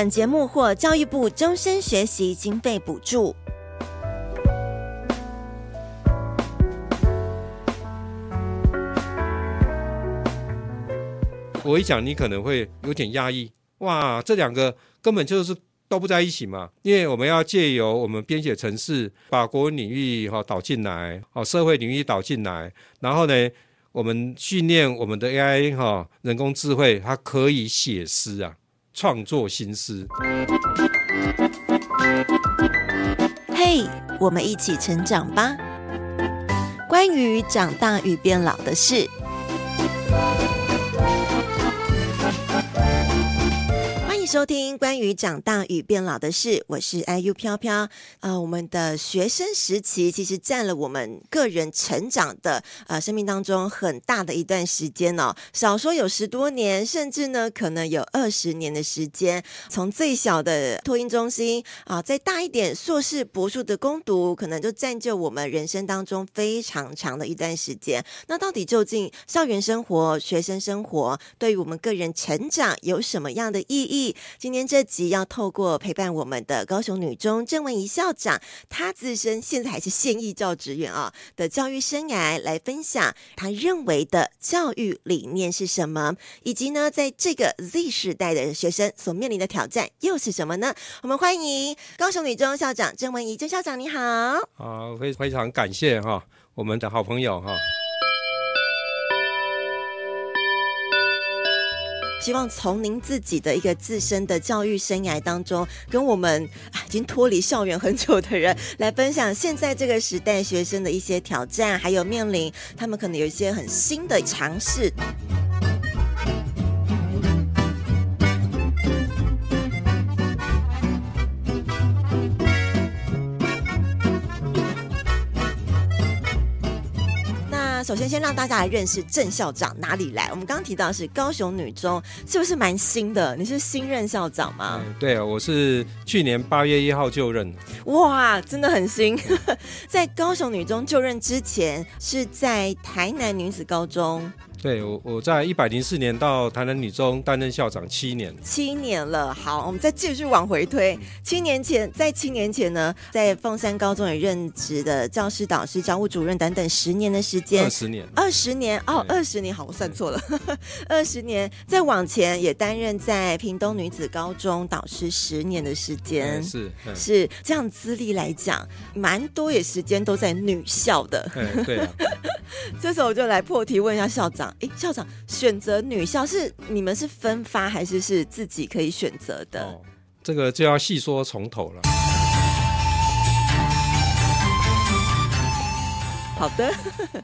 本節目獲教育部終身學習經費補助。我一講你可能會有點壓抑，哇，這兩個根本就是都不在一起嘛。因為我們要借由我們編寫程式，把國文領域哈導進來，哦，社會領域導進來，然後呢，我們訓練我們的 AI 哈人工智慧，它可以寫詩啊。創作心思，嘿，Hey，我們一起成長吧。關於長大與變老的事。收聽關於長大與變老的事，我是 IU 飄飄。啊、呃，我們的學生時期其實占了我們個人成長的啊、呃、生命當中很大的一段時間哦，少說有十多年，甚至呢可能有二十年的時間。從最小的托嬰中心啊、呃，再大一點碩士、博士的攻讀，可能就占據我們人生當中非常長的一段時間。那到底究竟校園生活、學生生活對於我們個人成長有什麼樣的意義？今天這集要透過陪伴我們的高雄女中鄭文儀校長，她自身現在還是現役教職員啊、哦、的教育生涯來分享，她認為的教育理念是什麼，以及呢，在這個 Z 世代的學生所面臨的挑戰又是什麼呢？我們歡迎高雄女中校長鄭文儀，鄭校長你好。好，非非常感謝哈，我們的好朋友哈。希望從您自己的一個自身的教育生涯當中，跟我們啊已經脫離校園很久的人來分享，現在這個時代學生的一些挑戰，還有面臨他們可能有一些很新的嘗試。首先，先讓大家來認識鄭校長哪裡來。我們剛剛提到是高雄女中，是不是蠻新的？你是新任校長嗎？嗯、對，我是去年八月一號就任。哇，真的很新！ 在高雄女中就任之前，是在台南女子高中。對，我我在一百零四年到台南女中擔任校長七年，七年了。好，我們再繼續往回推，七年前，在七年前呢，在鳳山高中也任職的教師導師、教務主任等等，十年的時間，二十年，二十年，哦，二十年，好，我算錯了，呵呵，二十年。再往前也擔任在屏東女子高中導師十年的時間，嗯、是、嗯、是這樣資歷來講，蠻多也時間都在女校的。嗯，對、啊呵呵。這時候我就來破題問一下校長。哎，校長選擇女校是你們是分發還是是自己可以選擇的？哦、這個就要細說從頭了。好的，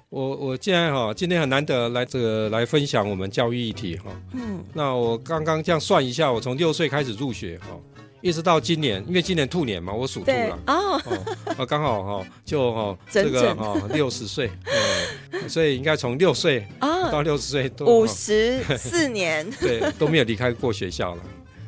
我我現在，哈今天很難得來這個來分享我們教育議題哈、哦，嗯，那我剛剛這樣算一下，我從六歲開始入學哈。哦一直到今年，因為今年兔年嘛，我屬兔了哦，哦，啊，剛好哈、哦，就哈、哦、這個啊六十歲，所以應該從六歲到六十歲都五十四年呵呵，對，都沒有離開過學校了。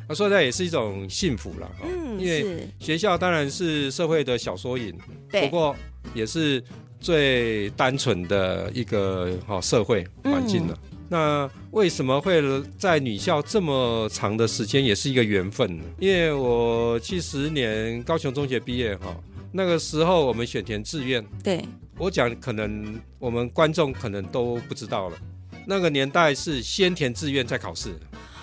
啊、所以那說這也是一種幸福了，嗯，因為學校當然是社會的小縮影，對，不過也是最單純的一個哈、哦、社會環境了。嗯那為什麼會在女校這麼長的時間，也是一個緣分呢？因為我七十年高雄中學畢業哈，那個時候我們選填志願，對我講，可能我們觀眾可能都不知道了，那個年代是先填志願再考試。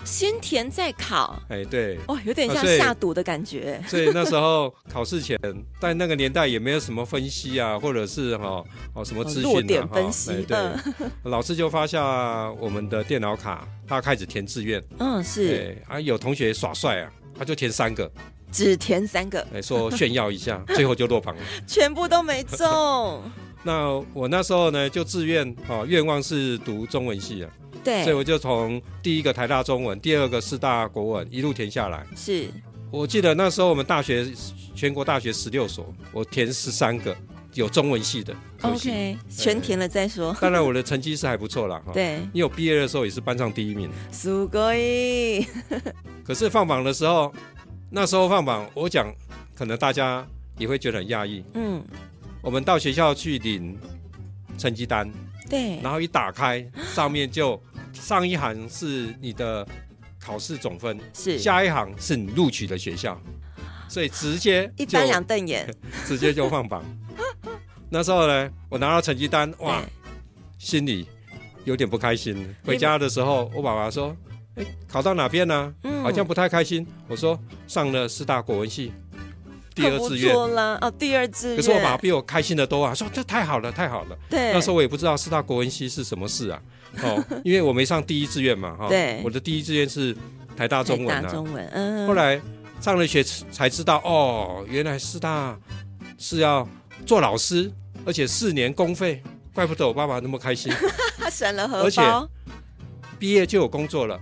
先填再考，哎對、哦，有點像下毒的感覺、啊所。所以那時候考試前，在 那個年代也沒有什麼分析啊，或者是哈哦，哦什麼資訊啊，落點分析哦、對。 老師就發下我們的電腦卡，他開始填志願。嗯，是對。啊，有同學耍帥啊，他就填三個，只填三個，說炫耀一下， 最後就落榜了。全部都沒中。 那我那時候呢，就志願啊、哦，願望是讀中文系啊。對，所以我就從第一個台大中文，第二個四大國文一路填下來。是，我記得那時候我們大學全國大學十六所，我填十三個有中文系的。OK，誒誒全填了再說誒誒。當然我的成績是還不錯啦。 對，因為我畢業的時候也是班上第一名。すごい， 可是放榜的時候，那時候放榜，我講可能大家也會覺得很訝異。嗯，我們到學校去領成績單，對，然後一打開上面就。上一行是你的考試總分，是下一行是你錄取的學校，所以直接一翻兩瞪眼， 直接就放榜。 那時候呢，我拿到成績單，哇，心裡有點不開心。回家的時候，我爸爸說：“哎、欸，考到哪邊呢、啊？好像不太開心。嗯”我說：“上了四大國文系。”第二志願，哦，第二志願。可是我爸爸比我開心的多啊，說這太好了，太好了。對。那時候我也不知道師大國文系是什麼事啊， 哦，因為我沒上第一志願嘛，哈、哦。對。我的第一志願是台大中文、啊。台大中文，嗯。後來上了學才知道，哦，原來師大是要做老師，而且四年公費，怪不得我爸爸那麼開心。 省了荷包。而且畢業就有工作了。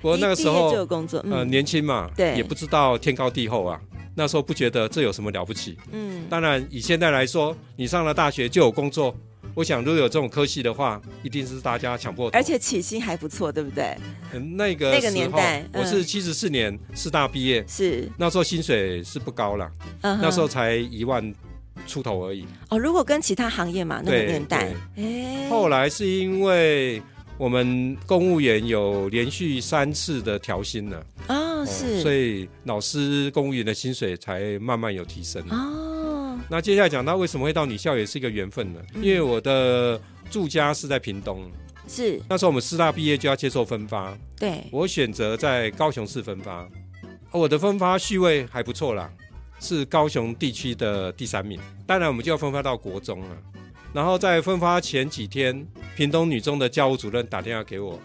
我那個時候畢業就有工作，嗯、呃，年輕嘛，對，也不知道天高地厚啊。那時候不覺得這有什麼了不起，嗯，當然以現在來說，你上了大學就有工作，我想如果有這種科系的話，一定是大家搶破頭。而且起薪還不錯，對不對？嗯、那個那個年代，嗯、我是七十四年師大畢業，是那時候薪水是不高了，嗯，那時候才一萬出頭而已。哦，如果跟其他行業嘛，那個年代，哎、欸，後來是因為我們公務員有連續三次的調薪了啊。哦哦、所以老師公務員的薪水才慢慢有提升哦。那接下來講到為什麼會到女校，也是一個緣分呢、嗯。因為我的住家是在屏東，是那時候我們師大畢業就要接受分發，對，我選擇在高雄市分發，哦、我的分發序位還不錯啦，是高雄地區的第三名。當然我們就要分發到國中了。然後在分發前幾天，屏東女中的教務主任打電話給我，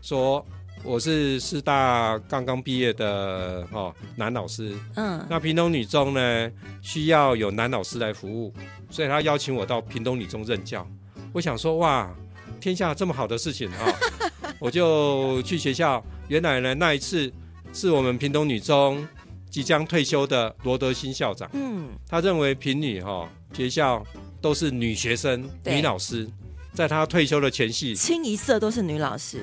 說。我是師大剛剛畢業的哦，男老師。嗯，那屏東女中呢，需要有男老師來服務，所以他邀請我到屏東女中任教。我想說哇，天下這麼好的事情啊！ 我就去學校。原來呢，那一次是我們屏東女中即將退休的羅德新校長。嗯，他認為屏女哈學校都是女學生、女老師，在他退休的前夕，清一色都是女老師。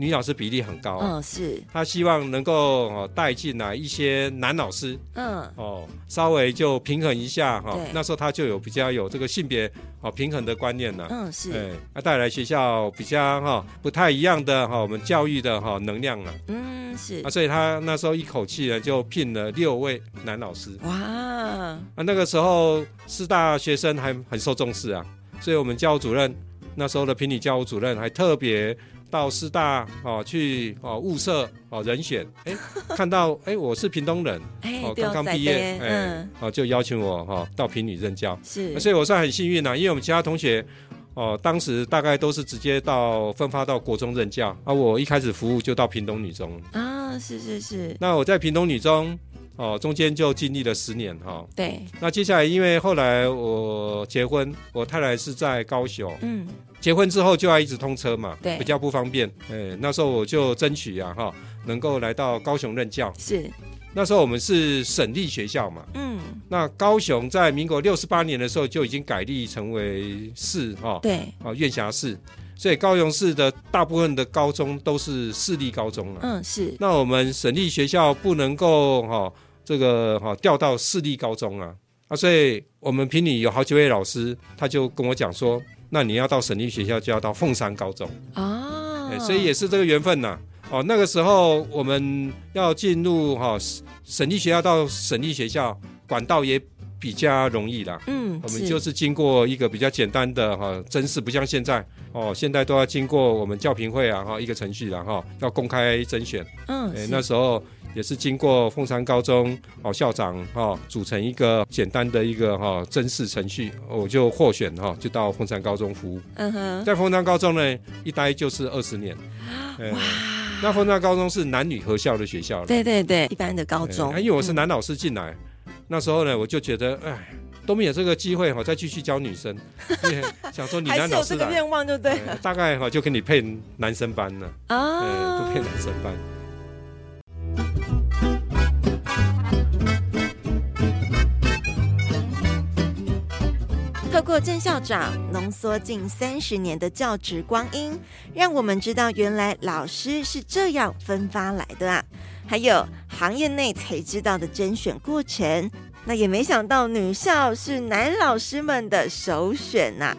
女老師比例很高，啊，嗯，是，她希望能夠帶進來一些男老師，嗯，哦，稍微就平衡一下哈，那時候她就有比較有這個性別哦平衡的觀念了，嗯，是，對，她帶來學校比較哈不太一樣的哈我們教育的哈能量了，嗯，是，啊，所以他那時候一口氣呢就聘了六位男老師，哇，那個時候師大學生還很受重視啊，所以我們教務主任那時候的聘女教務主任還特別。到師大哦、啊，去哦、啊、物色哦、啊、人選，哎、欸， 看到哎、欸，我是屏東人，哦、啊欸，剛剛畢業，哎，哦、欸嗯啊，就邀請我哈、啊，到屏女任教，是、啊，所以我算很幸運吶、啊，因為我們其他同學哦、啊，當時大概都是直接到分發到國中任教，啊，我一開始服務就到屏東女中，啊，是是是，那我在屏東女中哦、啊，中間就經歷了十年哈、啊，對，那接下來因為後來我結婚，我太太是在高雄，嗯。結婚之後就要一直通車嘛，對，比較不方便。哎、欸，那時候我就爭取呀，哈，能夠來到高雄任教。是，那時候我們是省立學校嘛，嗯，那高雄在民國六十八年的時候就已經改立成為市，哈，對，哦，院轄市，所以高雄市的大部分的高中都是市立高中了、啊。嗯，是。那我們省立學校不能夠哈、哦，這個哈調、哦、到市立高中啊，啊，所以我們屏裡有好幾位老師，他就跟我講說，那你要到省立學校，就要到鳳山高中啊、欸，所以也是這個緣分吶、啊。哦，那個時候我們要進入哈、哦、省立學、學校，到省立學校管道也。比較容易啦，嗯，我們就是經過一個比較簡單的哈甄試，不像現在哦，現在都要經過我們教評會啊哈一個程序啦哈，要公開甄選，嗯、欸，那時候也是經過鳳山高中哦校長哈組成一個簡單的一個哈甄試程序，我就獲選哈，就到鳳山高中服務。嗯哼，在鳳山高中呢一待就是二十年、欸，哇，那鳳山高中是男女合校的學校了，對對對，一般的高中，欸、因為我是男老師進來。嗯那時候呢，我就覺得，哎，都沒有這個機會，我再繼續教女生， 想說你當老師的、啊、願望就對了，大概哈就給你配男生班了，呃、哦，就配男生班。透過鄭校長濃縮近三十年的教職光陰，讓我們知道原來老師是這樣分發來的啊！還有行業內才知道的甄選過程，那也沒想到女校是男老師們的首選吶、啊！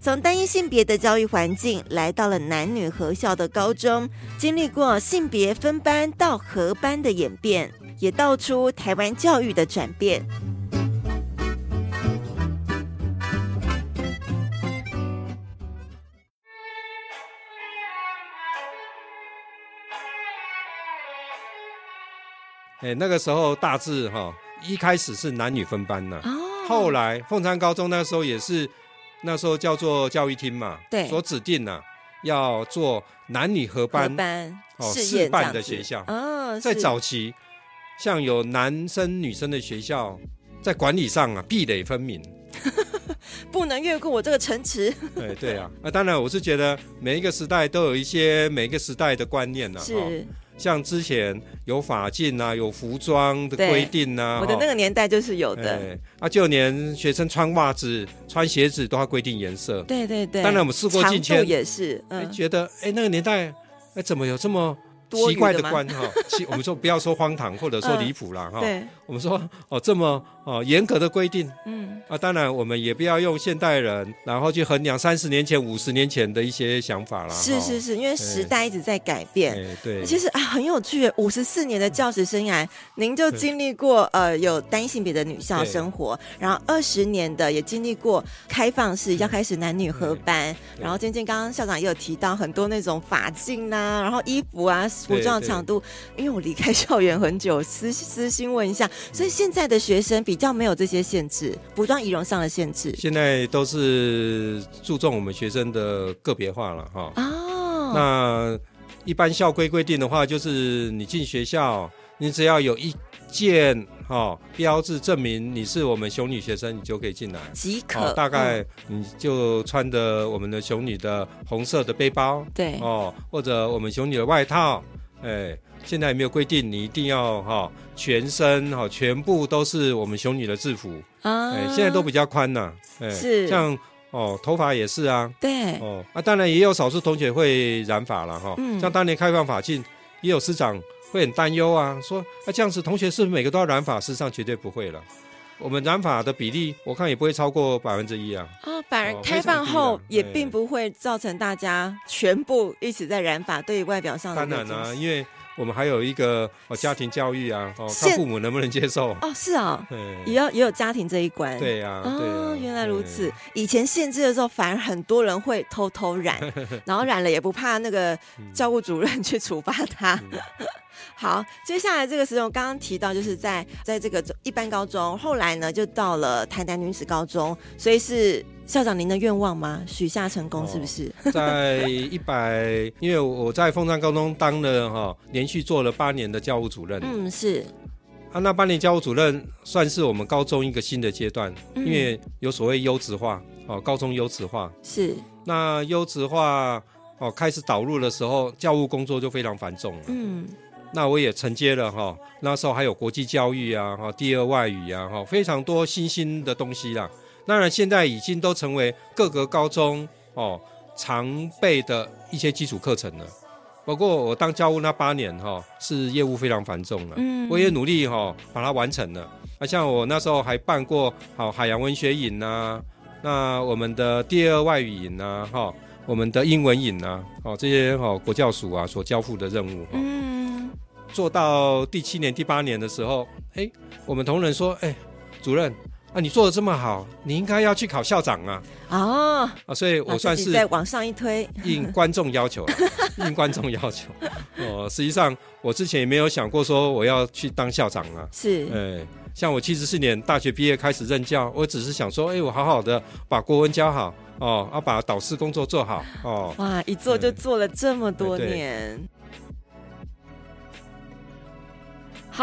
從單一性別的教育環境，來到了男女合校的高中，經歷過性別分班到合班的演變，也道出台灣教育的轉變。哎、欸，那個時候大致哈、哦，一開始是男女分班呢。哦。後來鳳山高中那時候也是，那時候叫做教育廳嘛，對，所指定啊，要做男女合班，合班哦，試辦的學校。哦。在早期，像有男生女生的學校，在管理上啊，壁壘分明， 不能越過我這個城池 對。對對啊，啊，當然我是覺得每一個時代都有一些每一個時代的觀念呢、啊。是。像之前有髮禁啊，有服裝的規定啊，我的那個年代就是有的、欸、啊，就連學生穿襪子、穿鞋子都要規定顏色。對對對，當然我們事過境遷、嗯欸，覺得哎、欸，那個年代哎、欸，怎麼有這麼奇怪的觀哈？我們說不要說荒唐，或者說離譜了哈。嗯我們說哦，這麼哦嚴格的規定，嗯啊，當然我們也不要用現代人，然後去衡量三十年前、五十年前的一些想法了。是是是，因為時代一直在改變。欸欸、對，其實啊，很有趣。五十四年的教師生涯，欸、您就經歷過呃有單性別的女校生活，然後二十年的也經歷過開放式、嗯、要開始男女合班，欸、然後今天剛剛校長也有提到很多那種髮禁啊，然後衣服啊服裝的長度，因為我離開校園很久，私私心問一下。所以現在的學生比較沒有這些限制，服裝儀容上的限制。現在都是注重我們學生的個別化了哈、哦。哦。那一般校規規定的話，就是你進學校，你只要有一件哈、哦、標誌證明你是我們雄女學生，你就可以進來即可、哦。大概你就穿着我們的雄女的紅色的背包。對。哦，或者我們雄女的外套，哎。現在沒有規定你一定要哈、哦、全身哈、哦、全部都是我們雄女的制服啊，哎，現在都比較寬吶、啊，哎，是像哦頭髮也是啊，對哦、啊，當然也有少數同學會染髮了哈、哦，嗯，像當年開放髮禁，也有師長會很擔憂啊，說那、啊、這樣子同學是不是每個都要染髮，事實上絕對不會了，我們染髮的比例我看也不會超過百分之一啊，反、哦、而開放後、啊、也並不會造成大家全部一起在染髮對於外表上的，當然了、啊，因為。我們還有一個哦，家庭教育啊，哦，他父母能不能接受？哦，是啊、哦，也要也有家庭這一關。對呀、啊，哦、啊，原來如此。以前限制的時候，反而很多人會偷偷染， 然後染了也不怕那個教務主任去處罰他。 嗯好，接下來這個時候剛剛提到，就是在在這個一般高中，後來呢就到了台南女子高中，所以是校長您的願望嗎？許下成功是不是？哦、在一百，因為我在鳳山高中當了哈、哦，連續做了八年的教務主任。嗯，是啊，那八年教務主任算是我們高中一個新的階段、嗯，因為有所謂優質化哦，高中優質化是那優質化哦，開始導入的時候，教務工作就非常繁重了。嗯。那我也承接了哈，那時候還有國際教育啊，哈第二外語啊，哈非常多新興的東西啦。當然現在已經都成為各個高中哦常備的一些基礎課程了。包括我當教務那八年哈，是業務非常繁重了。嗯。我也努力哈把它完成了。那、嗯嗯、像我那時候還辦過好海洋文學營吶、啊，那我們的第二外語營吶、啊，哈我們的英文營吶、啊，哦這些哦國教署啊所交付的任務。嗯。做到第七年、第八年的時候，哎，我們同仁說：“哎，主任啊，你做的這麼好，你應該要去考校長啊！”哦、啊所以我算是在往上一推，應觀眾要求、啊， 應觀眾要求。哦，實際上我之前也沒有想過說我要去當校長啊。是，哎，像我七十四年大學畢業開始任教，我只是想說，哎，我好好的把國文教好哦，要、啊、把導師工作做好哦。哇，一做就做了這麼多年。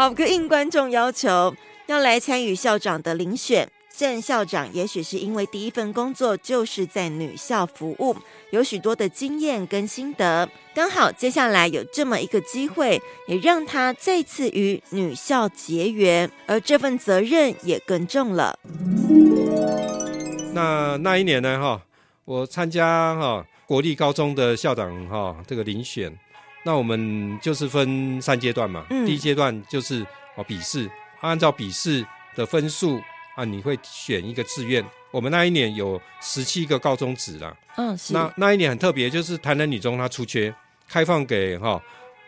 好，應觀眾要求，要來參與校長的遴選。現任校長也許是因為第一份工作就是在女校服務，有許多的經驗跟心得。剛好接下來有這麼一個機會，也讓他再次與女校結緣，而這份責任也更重了。那那一年呢？哈，我參加哈國立高中的校長哈這個遴選。那我們就是分三階段嘛，嗯、第一階段就是哦筆試，按照筆試的分數啊，你會選一個志願。我們那一年有十七個高中職啦，嗯、哦，是，那那一年很特別，就是台南女中它出缺，開放給哈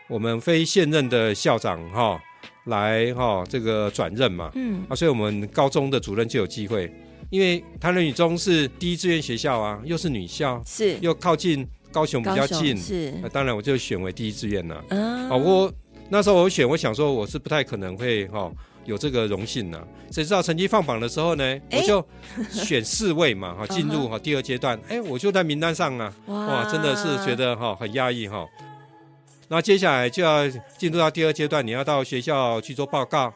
我們非現任的校長哈來哈這個轉任嘛，嗯啊，所以我們高中的主任就有機會，因為台南女中是第一志願學校啊，又是女校，是又靠近。高雄比較近，是那、啊、當然我就選為第一志願了。啊，哦、我那時候我選，我想說我是不太可能會哈、哦、有這個榮幸了。誰知道成績放榜的時候呢，欸、我就選四位嘛哈，進、欸、入哈、哦、第二階段、哎。我就在名單上啊，哇，哇真的是覺得哈、哦、很壓抑哈。那接下來就要進入到第二階段，你要到學校去做報告，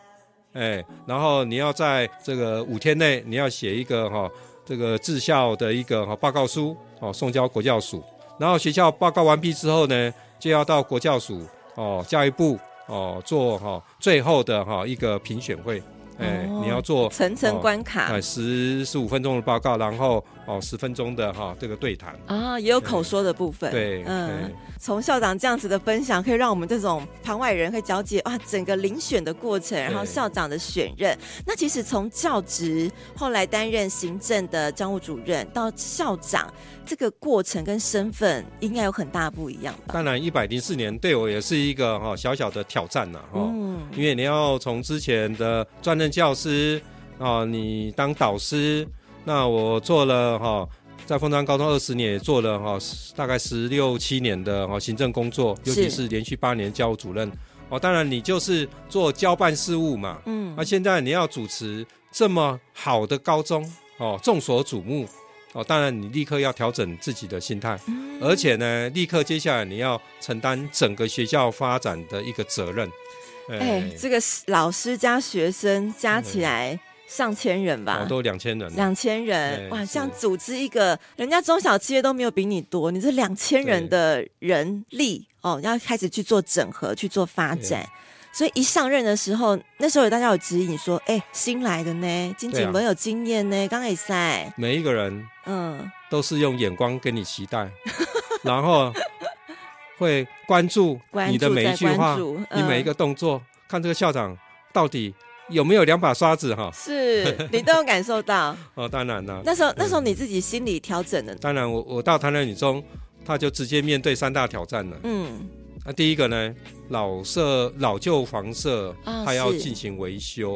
哎、然後你要在這個五天內你要寫一個哈、哦、這個治校的一個哈報告書哦，送交國教署。然後學校報告完畢之後呢，就要到國教署、哦教育部、哦做哈、哦、最後的哈、哦、一個評選會。哎，你要做層層、哦、關卡，哦、哎，十十五分鐘的報告，然後哦，十分鐘的哈、哦，這個對談啊，也有口說的部分，嗯、對，嗯，從校長這樣子的分享，可以讓我們這種旁外人可以了解哇、啊，整個遴選的過程，然後校長的選任，那其實從教職後來擔任行政的教務主任到校長，這個過程跟身份應該有很大不一樣吧？當然，一百零四年對我也是一個哈小小的挑戰吶、啊，哦、嗯，因為你要從之前的專任。教師啊、哦，你當導師，那我做了哈、哦，在鳳山高中二十年也做了哈、哦，大概十六七年的、哦、行政工作，尤其是連續八年教務主任哦。當然，你就是做交辦事務嘛，嗯。那、啊、現在你要主持這麼好的高中哦，眾所矚目哦。當然，你立刻要調整自己的心態、嗯，而且呢，立刻接下來你要承擔整個學校發展的一個責任。哎、欸欸，這個老師加學生加起來上千人吧，嗯哦、都兩千人，人，兩千人哇！像組織一個人家中小企業都沒有比你多，你這兩千人的人力哦，要開始去做整合、去做發展。所以一上任的時候，那時候有大家有指引你說，哎、欸，新來的呢，真是沒有經驗呢，剛來賽，每一個人嗯，都是用眼光給你期待， 然後。會關注你的每一句話、呃，你每一個動作，看這個校長到底有沒有兩把刷子哈？是你都有感受到 哦，當然了。那時候、嗯、那時候你自己心理調整了。當然我，我我到台南女中，他就直接面對三大挑戰了。嗯，那、啊、第一個呢，老舍老舊房舍，它要進行維修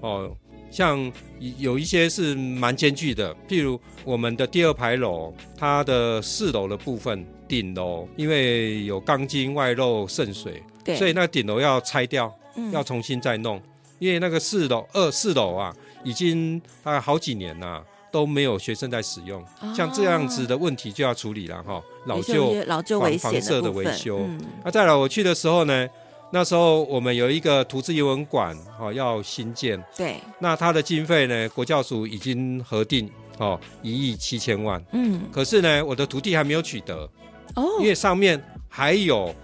哦，哦，像有一些是蠻艱鉅的，譬如我們的第二排樓，它的四樓的部分。頂樓因為有鋼筋外露滲水，對，所以那頂樓要拆掉、嗯，要重新再弄。因為那個四樓二、呃、四樓啊，已經大概好幾年了、啊，都沒有學生在使用、哦。像這樣子的問題就要處理了哈、哦哦，老舊老舊房房舍的維修。那、嗯啊、再來我去的時候呢，那時候我們有一個圖書閱文館哈、哦、要新建，對，那它的經費呢，國教署已經核定哦一億七千萬，嗯，可是呢，我的土地還沒有取得。哦，因為上面還有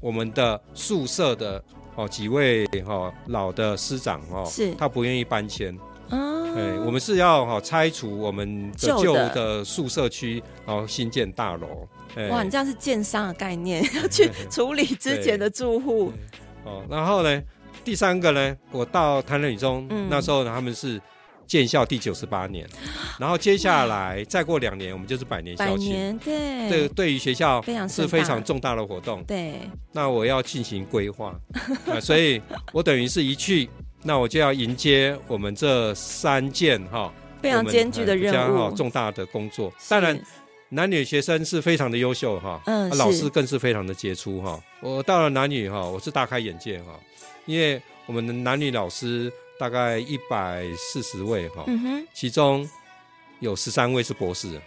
我們的宿舍的哦幾位哈、哦、老的師長哦，是他不願意搬遷啊、哦欸。我們是要哈、哦、拆除我們舊的，的宿舍區，然後新建大樓、欸。哇，你這樣是建商的概念，要、欸、 去處理之前的住戶哦。然後呢，第三個呢，我到台南女中、嗯、那時候呢他們是。建校第九十八年，然後接下來再過兩年，嗯、我們就是百年校慶。對，這對，對於學校是非常重大的活動。對，那我要進行規劃、 呃，所以我等於是一去，那我就要迎接我們這三件哈、哦，非常艱鉅的任務，呃哦、重大的工作。當然，雄女學生是非常的優秀哈、哦，嗯，老師更是非常的傑出哈、哦。我到了雄女哈、哦，我是大開眼界哈、哦，因為我們的雄女老師。大概一百四十位哈，其中有十三位是博士，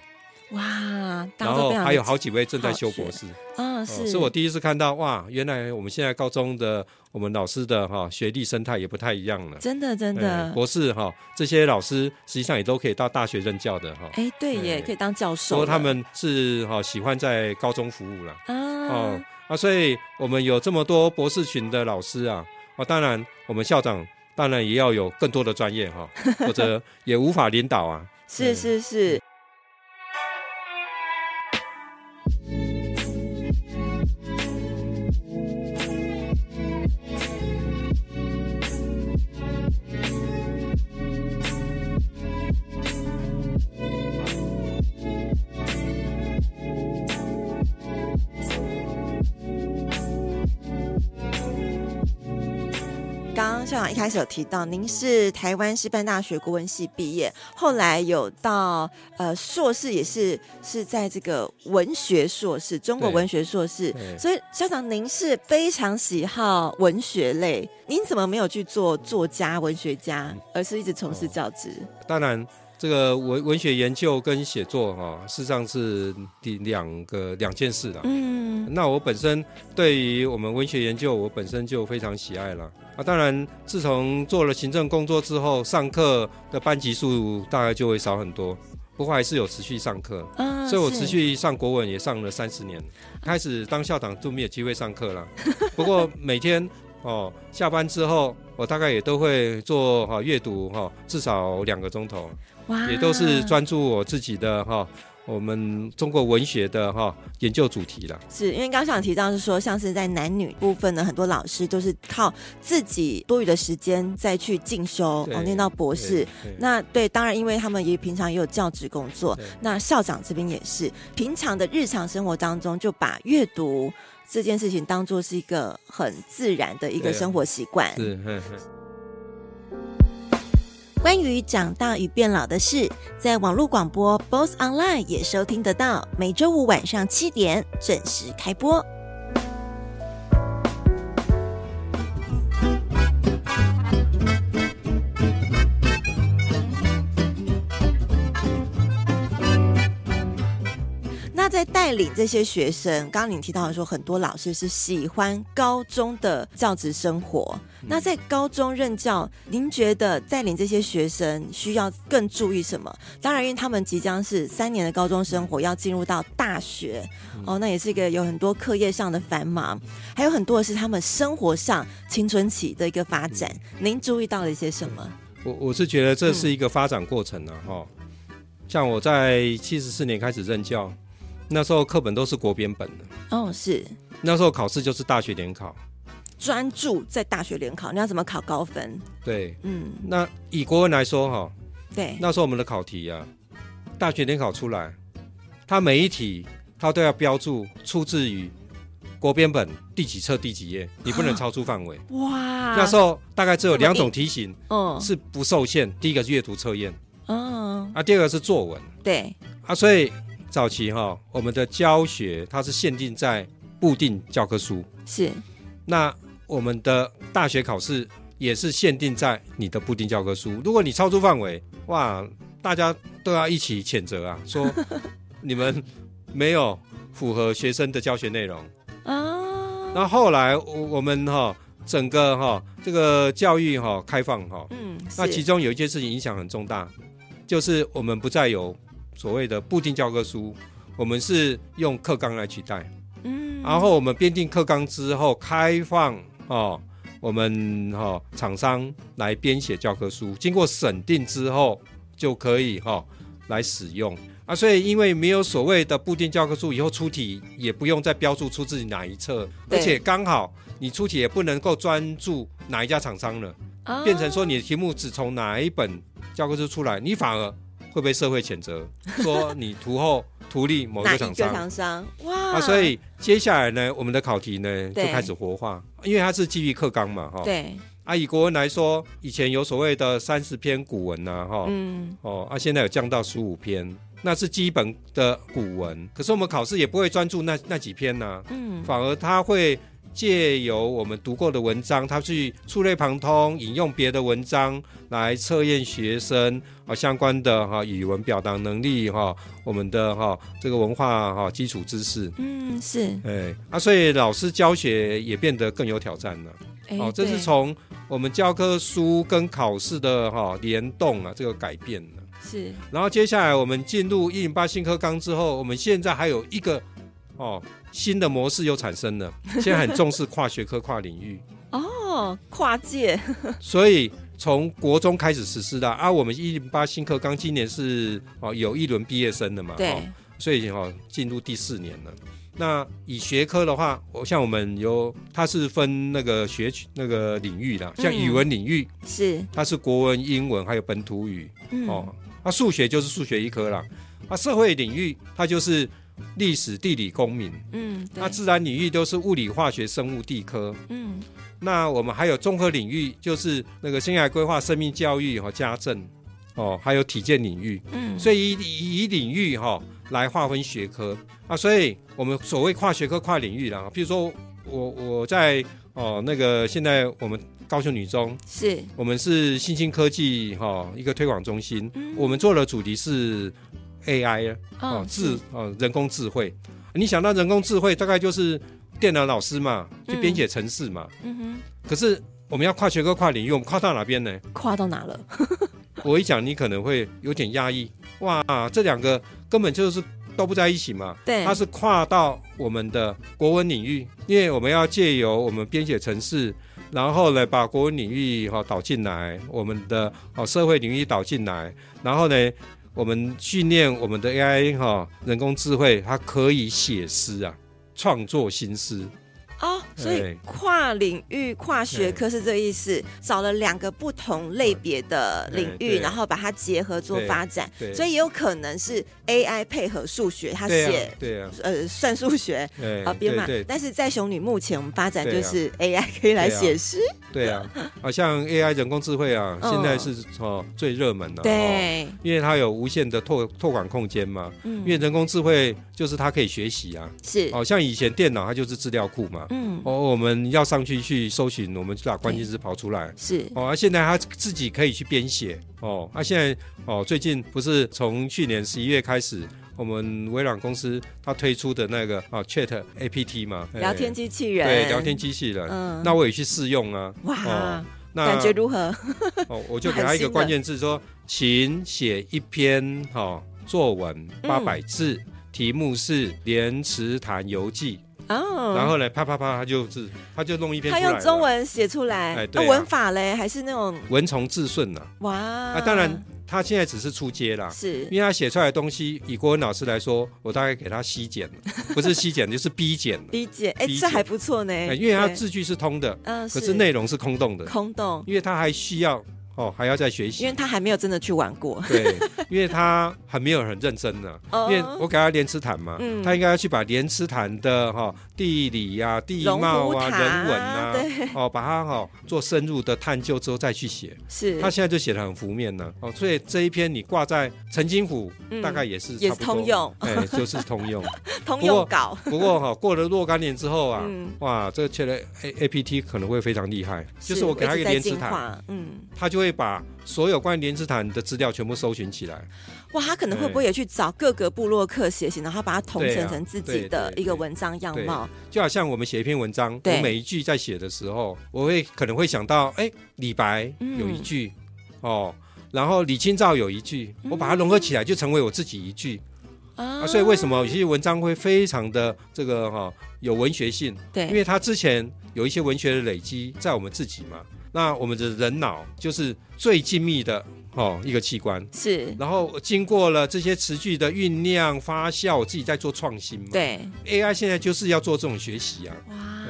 哇、嗯，然後還有好幾位正在修博士，嗯，是，是我第一次看到，哇，原來我們現在高中的我們老師的哈學歷生態也不太一樣了，真的真的，嗯、博士哈這些老師實際上也都可以到大學任教的哈，哎、欸，對耶，也、嗯、可以當教授，說他們是哈喜歡在高中服務了，啊，哦，啊，所以我們有這麼多博士群的老師啊，啊，當然我們校長。當然也要有更多的專業哈，或者也無法領導啊。是 是、嗯、是。是是一開始有提到，您是台灣師範大學國文系畢業，後來有到呃碩士也是是在這個文學碩士，中國文學碩士。所以校長，您是非常喜好文學類，您怎麼沒有去做作家、文學家，而是一直從事教職？哦，當然。這個文文學研究跟寫作哈、哦，事實上是第兩個兩件事啦。嗯，那我本身對於我們文學研究，我本身就非常喜愛了。啊，當然，自從做了行政工作之後，上課的班級數大概就會少很多。不過還是有持續上課，嗯、所以我持續上國文也上了三十年。開始當校長就沒有機會上課了。 不過每天哦下班之後，我大概也都會做哈閱、哦、讀哈、哦，至少兩個鐘頭哇，也都是專注我自己的哈、哦，我們中國文學的哈、哦、研究主題了。是因為剛想提到是說，像是在男女部分的很多老師都是靠自己多餘的時間再去進修哦，念到博士。對對，那對，當然因為他們也平常也有教職工作，那校長這邊也是平常的日常生活當中就把閱讀，這件事情當做是一個很自然的一個生活習慣呵呵。關於長大與變老的事，在網絡廣播 BOSS Online 也收聽得到，每週五晚上七點準時開播。在帶領這些學生，剛剛您提到的說很多老師是喜歡高中的教職生活、嗯。那在高中任教，您覺得帶領這些學生需要更注意什麼？當然，因為他們即將是三年的高中生活要進入到大學、嗯，哦，那也是一個有很多課業上的繁忙，還有很多是他們生活上青春期的一個發展。嗯、您注意到了一些什麼？我我是覺得這是一個發展過程了、啊、哈、嗯。像我在七十四年開始任教。那時候課本都是國編本的哦，是。那時候考試就是大學聯考，專注在大學聯考，你要怎麼考高分？對，嗯，那以國文來說哈，對，那時候我們的考題啊，大學聯考出來，它每一題它都要標注出自於國編本第幾冊第幾頁，你不能超出範圍。哦。哇，那時候大概只有兩種題型，嗯，是不受限。第一個是閱讀測驗，嗯，哦，啊，第二個是作文，對，啊，所以。早期哈、哦，我們的教學它是限定在固定教科書，是。那我們的大學考試也是限定在你的固定教科書。如果你超出範圍，哇，大家都要一起譴責啊，說你們沒有符合學生的教學內容啊。那 後，後來我們哈、哦，整個哈、哦，這個教育哈、哦，開放哈、哦，嗯，那其中有一件事情影響很重大，就是我們不再有。所謂的部定教科書，我們是用課綱來取代，嗯，然後我們編定課綱之後，開放哦，我們哦廠商來編寫教科書，經過審定之後就可以哈、哦、來使用啊。所以因為沒有所謂的部定教科書，以後出題也不用再標注出自己哪一冊，而且剛好你出題也不能夠專注哪一家廠商了、哦，變成說你的題目只從哪一本教科書出來，你反而。會被社會譴責，說你圖後圖利某個廠商。 哪一個廠商？哇！啊、所以接下來呢，我們的考題呢就開始活化，因為它是基於課綱嘛，哈、哦。對。啊，以國文來說，以前有所謂的三十篇古文吶、啊，哈、哦。嗯。哦，啊，現在有降到十五篇，那是基本的古文，可是我們考試也不會專注那那幾篇呢、啊。嗯。反而它會。借由我們讀過的文章，他去觸類旁通，引用別的文章來測驗學生啊相關的哈語文表達能力哈，我們的哈這個文化哈基礎知識。嗯，是。誒、哎、啊，所以老師教學也變得更有挑戰了。好、欸，這是從我們教科書跟考試的哈聯動啊，這個改變了。是。然後接下來我們進入一零八新課綱之後，我們現在還有一個哦。新的模式又產生了，現在很重視跨學科、跨領域 哦，跨界。所以從國中開始實施的啊，我們一零八新課綱今年是哦有一輪畢業生的嘛，對，哦、所以哦進入第四年了。那以學科的話，我像我們有它是分那個學那個領域的，像語文領域是、嗯，它是國文、英文還有本土語、嗯、哦，那、啊、數學就是數學一科啦。那、啊、社會領域它就是。歷史、地理、公民，嗯，那自然領域都是物理、化學、生物、地科，嗯，那我們還有綜合領域，就是那個生涯規劃、生命教育和家政，哦，還有體健領域，嗯，所以以以，以領域哈、哦、來劃分學科啊，所以我們所謂跨學科、跨領域啦，譬如說我我在哦那個現在我們高雄女中，是我們是新興科技哈、哦、一個推廣中心、嗯，我們做的主題是。AI 啊、哦，智啊、嗯、人工智慧，你想到人工智慧，大概就是電腦老師嘛，嗯、去編寫程式嘛。嗯哼。可是我們要跨學科、跨領域，我們跨到哪邊呢？跨到哪了？ 我一講你可能會有點壓抑。哇，啊、這兩個根本就是都不在一起嘛。對。它是跨到我們的國文領域，因為我們要借由我們編寫程式，然後呢把國文領域哈、哦、導進來，我們的哦社會領域導進來，然後呢？我們訓練我們的 AI 哈，人工智慧，它可以寫詩啊，創作新詩，哦、oh，所以跨領域、跨學科是這個意思，找了兩個不同類別的領域，然後把它結合做發展，所以也有可能是。AI 配合數學，他寫、啊啊，呃，算數學，好編碼。但是在雄女目前，我們發展就是 AI 可以來寫詩。對啊，好、啊啊、像 AI 人工智慧啊，哦、現在是哦最熱門的對、哦，因為它有無限的拓拓展空間嘛。嗯。因為人工智慧就是它可以學習啊。是。哦，像以前電腦它就是資料庫嘛。嗯。哦，我們要上去去搜尋，我們就把關鍵詞跑出來。是。哦，現在它自己可以去編寫。哦，那、啊、現在哦，最近不是從去年十一月開始，我們微軟公司它推出的那個啊、哦、ChatGPT 嘛，聊天機器人、欸，對，聊天機器人、嗯，那我也去試用啊，哇、哦那，感覺如何？ 哦，我就給他一個關鍵字，說， 請寫一篇哈、哦、作文，八百字，題目是《蓮池潭遊記》。哦、oh，然後嘞，啪啪啪，他就是，他就弄一篇，他用中文寫出來，哎，啊啊、文法嘞，還是那種文從字順呢、啊？哇、wow，啊，當然，他現在只是初階啦，是，因為他寫出來的東西，以國文老師來說，我大概給他 C 減了，不是 C 減， 就是 B 減，減，B、欸、減，哎，這還不錯呢、哎，因為他字句是通的，嗯、呃，可是內容是空洞的，空洞，因為他還需要。哦，還要再學習，因為他還沒有真的去玩過。對，因為他還沒有很認真呢、啊。 因為我給他連詞彈嘛、嗯，他應該要去把連詞彈的哈。哦地理呀、啊、地貌啊、人文啊，哦，把它哈、哦、做深入的探究之後再去寫。是，他現在就寫得很浮面呢。哦，所以這一篇你掛在澄清湖大概也是差不多也是通用，哎，就是通用。 通用稿。不過哈、哦，過了若干年之後啊，嗯、哇，這個 Chat GPT 可能會非常厲害。是，就是我給他一個蓮池潭，嗯，他就會把所有關於蓮池潭的資料全部搜尋起來。哇，他可能會不會也去找各個部落客寫信，然後把它統稱成，成自己的一個文章樣貌、啊對對對？就好像我們寫一篇文章，我每一句在寫的時候，我會可能會想到，哎，李白有一句、嗯、哦，然後李清照有一句、嗯，我把它融合起來，就成為我自己一句、嗯、啊。所以為什麼有些文章會非常的這個哈、哦、有文學性？對，因為他之前有一些文學的累積在我們自己嘛。那我們的人腦就是最精密的。哦，一個器官是，然後經過了這些詞句的醞釀發酵，我自己在做創新嘛。對，AI 現在就是要做這種學習啊。哇，啊、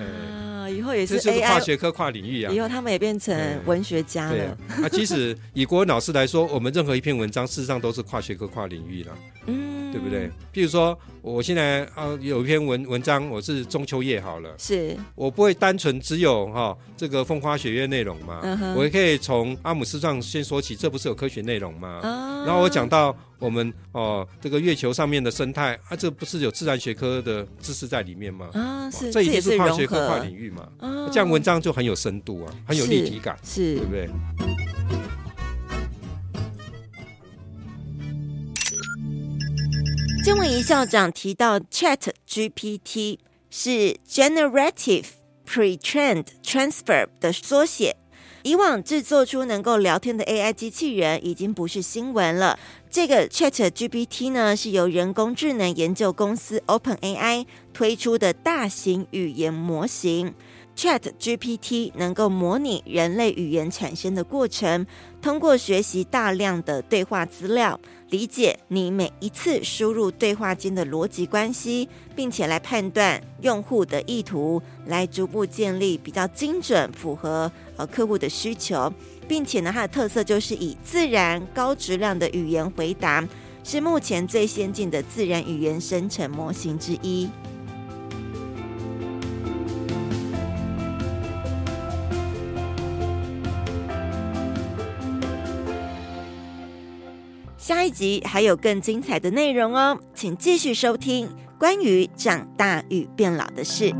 嗯，以後也是 AI 跨學科跨領域啊。以後他們也變成文學家了。那其實以國文老師來說，我們任何一篇文章事實上都是跨學科跨領域啦。嗯。對不對？比如說，我現在啊，有一篇文文章，我是中秋夜好了，是我不會單純只有哈這個風花雪月內容嘛，嗯，我也可以從阿姆斯壯先說起，這不是有科學內容嘛、啊？然後我講到我們哦這個月球上面的生態，啊，這不是有自然學科的知識在裡面嗎？啊，是，這也是跨學科跨領域嘛、啊？這樣文章就很有深度啊，很有立體感，是，是，對不對？文儀校長提到，Chat GPT 是 Generative Pre-trained Transfer 的縮寫。以往製作出能夠聊天的 AI 機器人已經不是新聞了。這個 Chat GPT 呢，是由人工智能研究公司 OpenAI 推出的大型語言模型。Chat GPT 能夠模擬人類語言產生的過程，通過學習大量的對話資料，理解你每一次輸入對話間的邏輯關係，並且來判斷用戶的意圖，來逐步建立比較精準、符合呃客戶的需求，並且呢，它的特色就是以自然、高質量的語言回答，是目前最先進的自然語言生成模型之一。下一集還有更精彩的內容哦，請繼續收聽關於長大與變老的事。